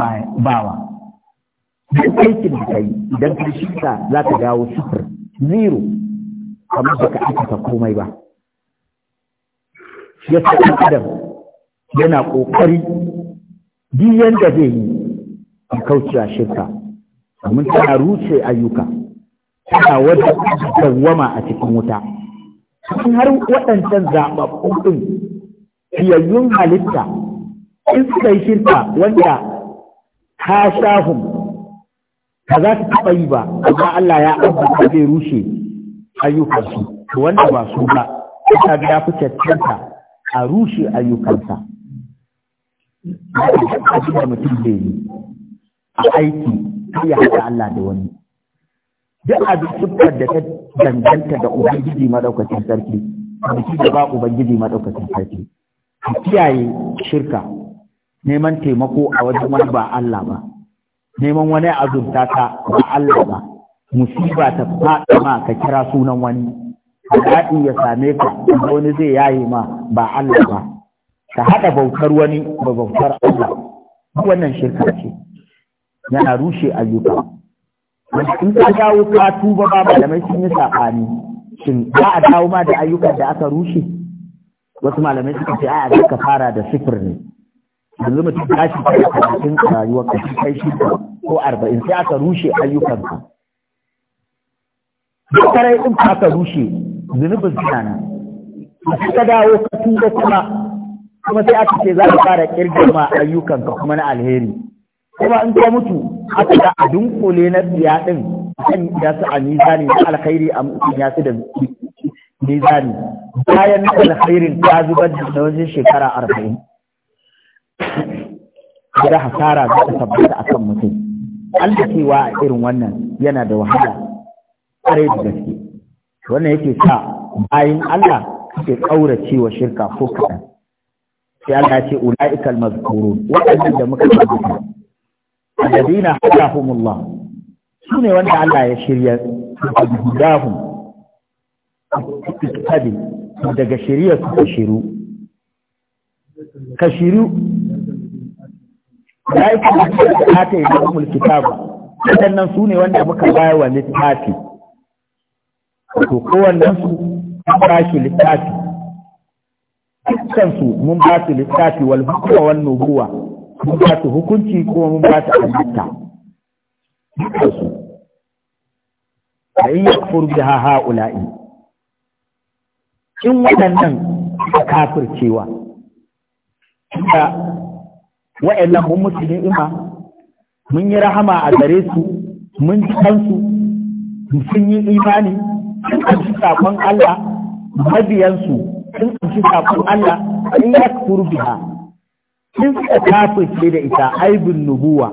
bawa duk aikin da yi idan ka shirka za ka dawo sifir zero kamar da ka aikata komai ba ya ɗan adam yana ƙoƙari duk yanda zai yi a kaucewa shirka domin tana rushe ayyuka tana wadda dawwama a cikin wuta har waɗancan zaɓaɓɓun ɗin fiyayyun halitta in suka yi shirka wanda ta shahun ka za su taɓa yi ba amma Allah ya ambata zai rushe ayyukansu to wanda ba su ba ta ya fi cancanta a rushe ayyukansa abin da mutum zai yi a aiki ta yi haɗa Allah da wani duk abin siffar da ta danganta da Ubangiji Maɗaukacin Sarki, cikin da ba Ubangiji Maɗaukacin Sarki. ka kiyaye shirka neman taimako a wajen wani ba Allah ba neman wani azurta ta ba Allah ba musiba ta faɗa ma ka kira sunan wani haɗaɗi ya same ka wani zai yaye ma ba Allah ba ka haɗa bautar wani ba bautar Allah wannan shirka ce yana rushe ayyuka in ka dawo ka tuba ba malamai sun yi saɓani shin za a dawo ma da ayyukan da aka rushe wasu malamai suka ce a ka fara da sifir ne yanzu mutum ta shi ta karatun a rayuwar ka kai shi ko arba'in sai aka rushe ayyukanka duk karai ka aka rushe zunubin suna nan sai ka dawo ka tuba kuma kuma sai aka ce za ka fara kirgama ayyukanka kuma na alheri kuma in ka mutu aka ga a dunkule na biya ɗin kan ya sa a nisa ne alkhairi a mutum ya su da mizani bayan na alkhairin ta zubar da wajen shekara arba'in da hasara za ta tabbata a kan mutum alkacewa a irin wannan yana da wahala ƙwarai da gaske wannan yake sa bayan Allah suke ƙaurace wa shirka ko kaɗan sai Allah ce ula'ikal mazkuru waɗannan da muka tabbata alladina hadahumullah sune wanda Allah ya shirya hudahum istabi daga shari'a ka shiru ka shiru ya yi kuma ta ta yi da mulki tabu nan su ne wanda muka baya wa littafi to kowannen su ba shi littafi kansu mun ba su littafi wal hukuma wal nubuwa mun ba su hukunci kuma mun ba su annabta dukkan su da in yakfur biha ha'ula'i in waɗannan a kafircewa da wa'annan mun musu mun yi rahama a gare su mun ji kansu sun yi imani sun amshi saƙon Allah mabiyansu sun amshi saƙon Allah in ya biha sun suka kafirce da ita aibin nubuwa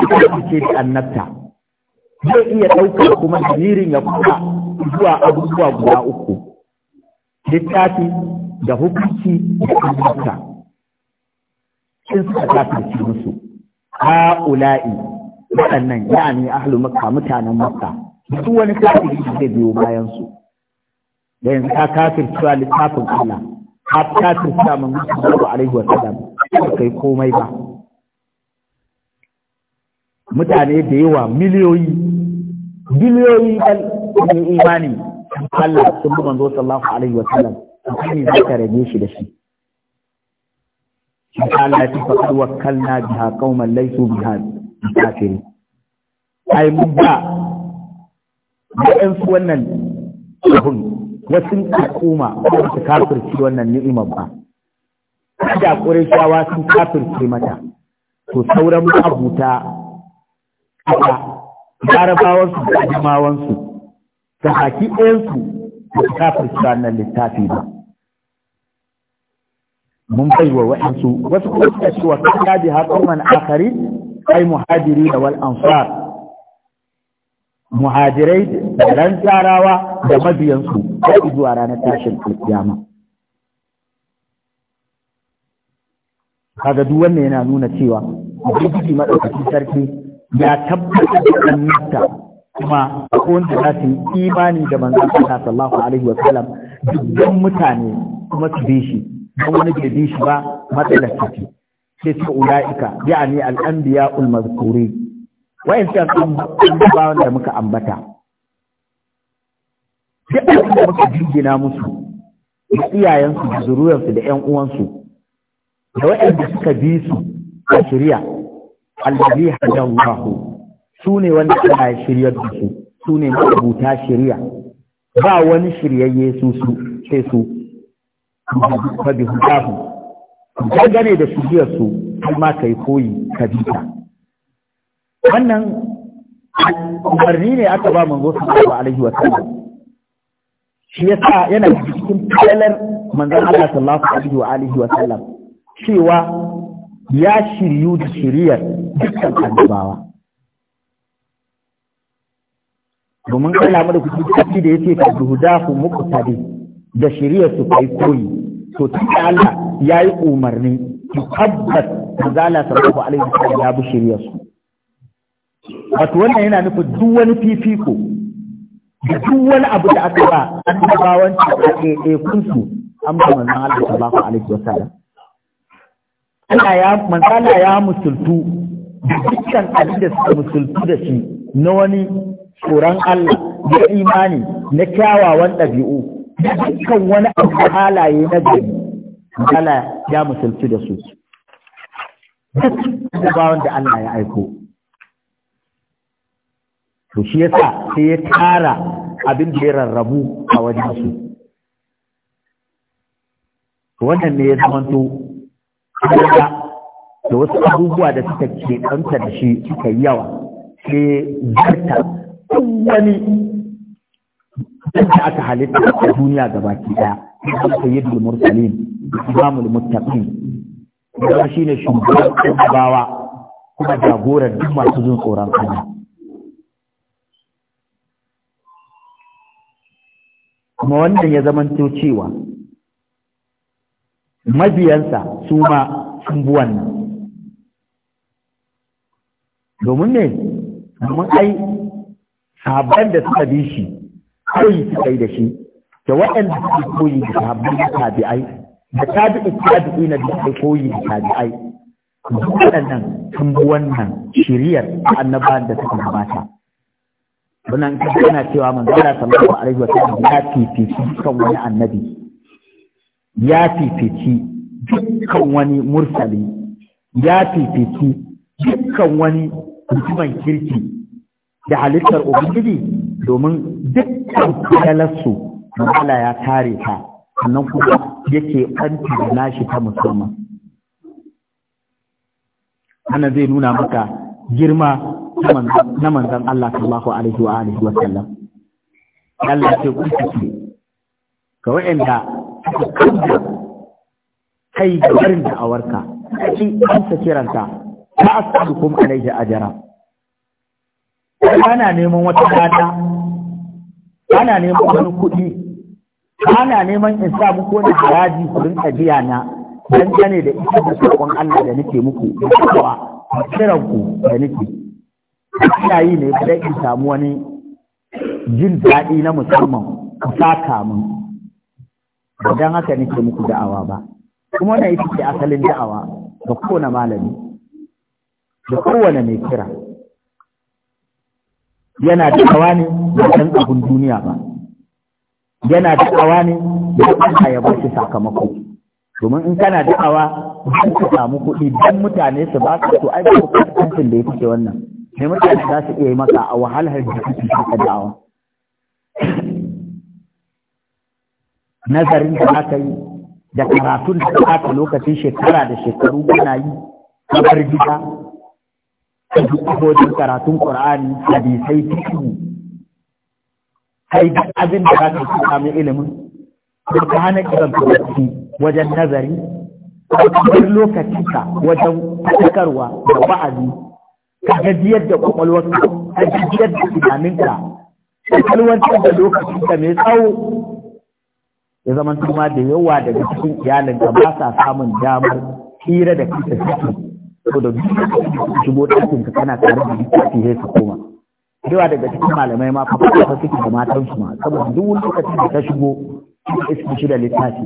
suka kafirce da annabta zai iya ɗaukar kuma jiririn ya kuka zuwa abubuwa guda uku littafi da hukunci da annabta in suka kafirci musu ula'i, waɗannan ne ahlu makka mutanen maka, su wani kafiri da zai biyo bayansu. da yanzu ka cewa littafin Allah ka kafircewa mun musu alaihi wa sallam ba kai komai ba mutane da yawa miliyoyi biliyoyi kun imani kan Allah sun bi manzo sallallahu alaihi wa sallam akwai za ka rage shi da shi shi Allah ya fa kad wakkalna biha qauman laysu biha kafiri ai mun ba su wannan abun wasu al'umma ba su kafirci wannan ni'imar ba da ƙurashawa sun kafirce mata to sauran abuta a larabawansu da ajimawansu ta haki ɗayansu ba su ranar littafi ba mun bai wa wa'ansu wasu kuma suka ce wa kaka bi wani akari ai muhajiri da wal ansar muhajirai da ran tsarawa da mabiyansu har zuwa ranar tashin alkiyama kaga duk wannan yana nuna cewa ubangiji Maɗaukaki sarki ya tabbatar da annabta kuma akwai wanda za su yi imani da manzon Allah sallallahu alaihi wa sallam dukkan mutane kuma su bi shi don wani bai bi shi ba matsalaci ce sai su ulaika ya'ani al-anbiya al-mazkurin wa'in sai ba wanda muka ambata duk abin da muka jingina musu da iyayensu da zuriyarsu da ƴan uwansu da wa'anda suka bi su a shirya, Allah shari'a allazi hadallahu su ne wanda ana shiryar da su su ne mabuta shirya ba wani shiryayye su su sai su fa bi hudahu gane da shiryar su har ma kai koyi ka bita wannan umarni ne aka ba manzo sallallahu alaihi wa sallam shi sa yana cikin talar manzon Allah sallallahu alaihi wa alihi wa sallam cewa ya shiryu da shiriyar dukkan annabawa domin Allah mu da kuke kafi da yake ka duhudahu muqtadi da shari'a su kai koyi to tun da Allah yi umarni ki tabbas zala sallallahu alaihi wasallam ya bi shari'a su wato wannan yana nufin duk wani fifiko da duk wani abu da aka ba annabawan ta ɗaiɗai kunsu an ba manzon Allah sallallahu alaihi wasallam Allah ya manzala ya musultu dukkan abin da suka musultu da shi na wani tsoron Allah da imani na kyawawan ɗabi'u da dukkan wani abu halaye na gari Allah ya musulci da su duk annabawan da Allah ya aiko to shi yasa sai ya tara abin da ya rarrabu a wajen su wannan ne ya zamanto da wasu abubuwa da suka ke ɗanta da shi suka yawa sai zarta wani da aka halitta a duniya gabaki daya ya sayyidul mursalin imamul muttaqin kuma shine shugaban annabawa kuma jagoran duk masu jin tsoron Allah kuma wannan ya zama cewa mabiyansa su ma sun bi wannan domin ne domin ai sahabban da suka bi shi koyi suka yi da shi da waɗanda suka koyi da sahabban da tabi'ai da tabi'i tabi'i na da koyi da tabi'ai waɗannan sun bi wannan shiriyar annabawan da suka gabata wannan ka yana cewa manzo Allah sallallahu alaihi wa sallam ya fifici kan wani annabi ya fifici dukkan wani mursali ya fifici dukkan wani mutumin kirki da halittar ubangiji domin dukkan kalalarsu Allah ya tare ta sannan kuma yake ɓanta da nashi ta musamman ana zai nuna maka girma na manzan Allah sallallahu alaihi wa alihi wa sallam Allah ce ku ce ga wa'anda suka kanta kai da barin da'awarka cikin amsa kiranta ta asalukum alaihi ajara ana neman wata gata ana neman wani kuɗi ana neman in sa muku wani haraji kudin rinka biya na gane da ita da sakon Allah da nake muku da kawa kiran ku da nake ina yi ne da in samu wani jin daɗi na musamman ka saka min don haka nake muku da'awa ba kuma wannan ita ce asalin da'awa ga kowane malami da kowane mai kira yana da hawa ne da san abun duniya ba yana da hawa ne da Allah ya ba shi sakamako domin in kana da da'awa don ka samu kuɗi don mutane su ba su to ai ba da ya wannan sai mutane za su iya yi maka a wahalar da kake ka dawo. nazarin da aka yi da karatun da aka lokacin shekara da shekaru kana yi kamar gida duk karatun Qur'ani hadisai fiqh kai duk abin da ka samu ilimin ka hana kiran wajen nazari kamar ka wajen fadakarwa da wa'azi ka gajiyar da kwakwalwarka ka gajiyar da tunaninka ka kalwantar da lokacinka mai tsawo ya zama tuma da yawa daga cikin iyalinka ba sa samun damar hira da kisa cikin. to da duk da shigo ɗakin ka kana tare da littafi sai ka koma yawa daga cikin malamai ma fa fa suke da matan su ma saboda duk wani lokacin da ka shigo sai ka shi da littafi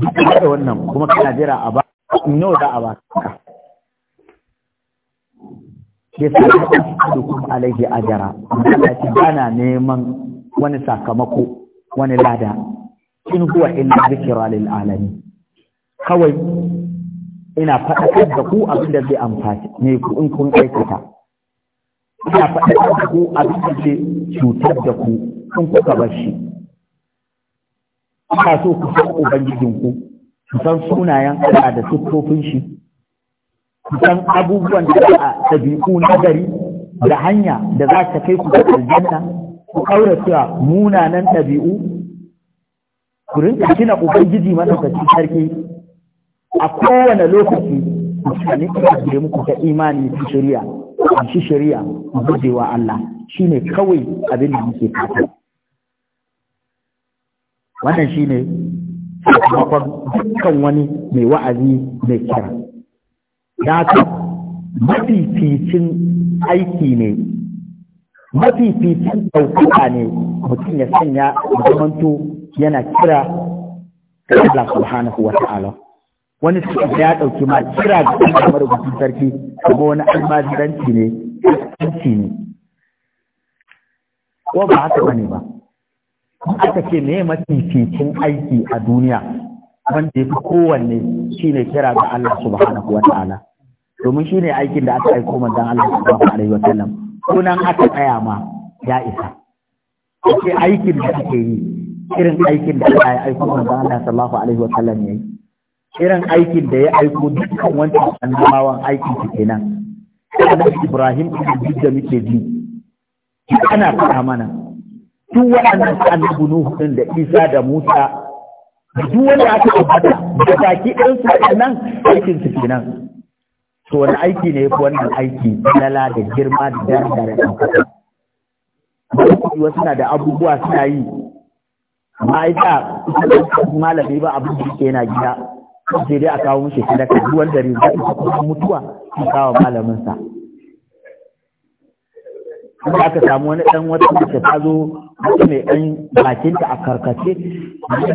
duk da wannan kuma kana jira a ba nawa za a ba ka Ke sa da kuma alaihi ajara Allah ce bana neman wani sakamako wani lada in huwa illa zikra lil alamin kawai ina faɗaƙar da ku abin da zai amfani ne ku in kun aikata ina faɗaƙar da ku abin da zai cutar da ku in kuka bar shi ina so ku san ubangijinku ku san sunayen Allah da siffofin shi ku san abubuwan da za a tabi'u na gari da hanya da za ta kai ku ga aljanna ku cewa munanan ɗabi'u ku rinka gina ubangiji madaukakin sarki a kowane lokaci mutane ina da muku ta imani da shari'a a shi shari'a gujewa Allah ne kawai abin da muke fata wannan shi ne sakamakon dukkan wani mai wa'azi mai kira da haka mafificin aiki ne mafificin ɗaukaka ne mutum ya sanya zamanto yana kira Allah subhanahu wa ta'ala wani suka ya ɗauki ma kira ga Allah madaukakin sarki kuma wani almajiranci ne kanci ne ko ba haka bane ba aka ce me mafificin aiki a duniya wanda ya fi kowanne ne kira ga Allah subhanahu wa ta'ala domin shi ne aikin da aka aiko manzon Allah subhanahu alaihi wa sallam sunan aka tsaya ma ya isa ake aikin da ake yi irin aikin da aka yi aiko manzon Allah sallallahu alaihi wa sallam yayi irin aikin da ya aiko dukkan wancan annabawan aikin su kenan da Ibrahim ibn da muke ji ana fara mana duk waɗannan annabu Nuhu din da Isa da Musa duk wani aka ambata da baki ɗin su nan aikin su kenan to wani aiki ne yafi wannan aiki lala da girma da daraja da ɗaukaka wasu na da abubuwa suna yi amma ita malami ba abubuwa da yana gida sai dai a kawo shi daga duk dare da ita kuma mutuwa a kawo malamin sa kuma aka samu wani dan wata mace ta zo wata mai dan bakinta a karkace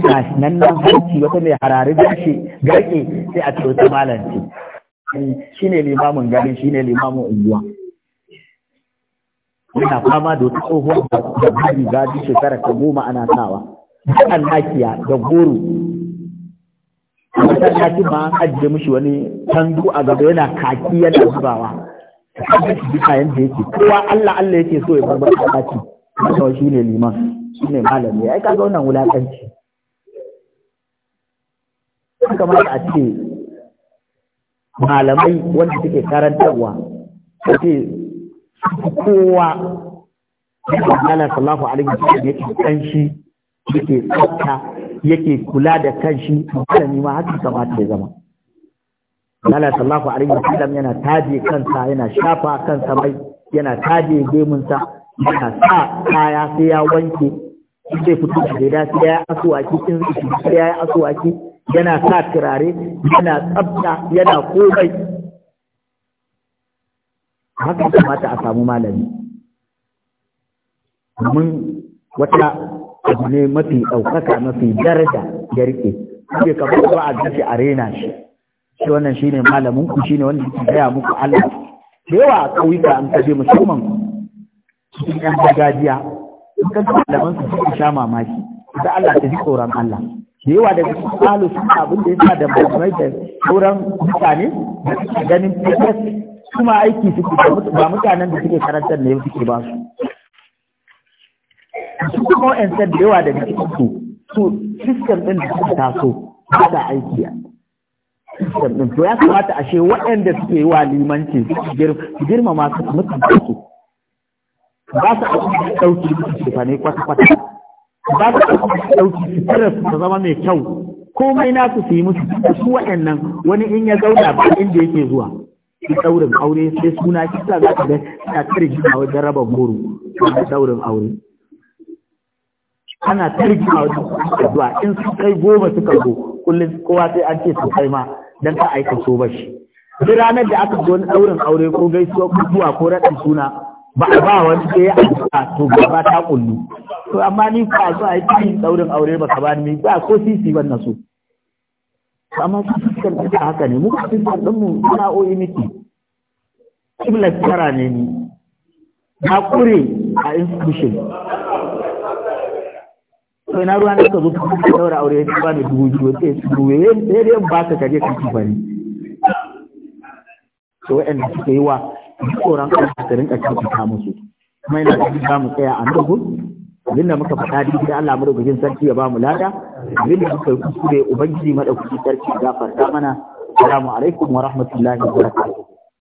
ga nan nan hanci wata mai harare gashi garke sai a ce wata malanci ne limamin garin ne limamin unguwa yana fama da wata tsohuwar da riga gadi shekara ta goma ana sawa da lafiya da goro ta ce ma an ajiye mishi wani tandu a gaba yana kaki yana zubawa kaji shi duka yanda yake kowa Allah Allah yake so ya bar masallaci wannan shi ne liman shi ne malami ai kaga wannan wulakanci kamar a ce malamai wanda suke karantarwa ce kowa da Allah sallallahu alaihi wasallam yake kanshi yake tsafta yake kula da kanshi malami ma haka kamata ya zama Allah sallallahu alaihi wasallam yana taje kansa yana shafa kansa mai yana taje sa yana sa kaya sai ya wanke zai fito da gida sai ya asuwaki kin sai ya asuwaki yana sa turare yana tsafta yana komai haka kamata a samu malami domin wata abu ne mafi ɗaukaka mafi daraja ya rike ke ka ba a gashi a rena shi shi wannan shine malamin ku shine wanda yake gaya muku Allah da yawa a ƙauyuka an kaje musamman cikin ƴan gargajiya in ka ga malaman su suke sha mamaki da Allah ta ji tsoron Allah da yawa daga cikin alu sun abin da ya sa da malamai da sauran mutane da suke ganin fitas kuma aiki suke ba mutanen da suke karantar ne suke ba su su kuma wa'ancan da yawa daga cikinsu su sistem ɗin da suka taso ba da aiki sistem ɗin to ya kamata ashe waɗanda suke yi wa limanci su girmama su mutunta su ba su ɗauki ɗauki su ce fa ne kwata-kwata ba su ɗauki ɗauki su tara su ta zama mai kyau komai na su su yi musu su waɗannan wani in ya zauna ba inda yake zuwa shi ɗaurin aure sai suna kisa za ka ga suna kare jina wajen raba goro da ɗaurin aure ana tarjima wajen zuwa in sun kai goma suka zo kullum kowa sai an ce su kai ma dan ka aika so ba shi. duk ranar da aka zo daurin aure ko gaisuwa ko zuwa ko raɗin suna ba a ba wani sai ya aika to gaba ta kullu to amma ni ka zo a yi daurin aure ba ka ba ni ba ko sisi ban so amma su fuskar da haka ne muka fuskar ɗinmu na miki kiblar tara ne ni na kure a institution sai na ruwa na ka zo ka daura aure ya ba ni dubu biyu wace dubu ya sai dai ba ka kaje ka ne. to waɗanda suka yi wa tsoron Allah ta rinka kyautata musu kuma ina da ba mu tsaya a nan gun abinda muka faɗa da ita Allah gujin sarki ya ba mu lada abinda muka yi kuskure ubangiji maɗaukaki sarki gafarta mana assalamu alaikum wa rahmatullahi wa barakatuh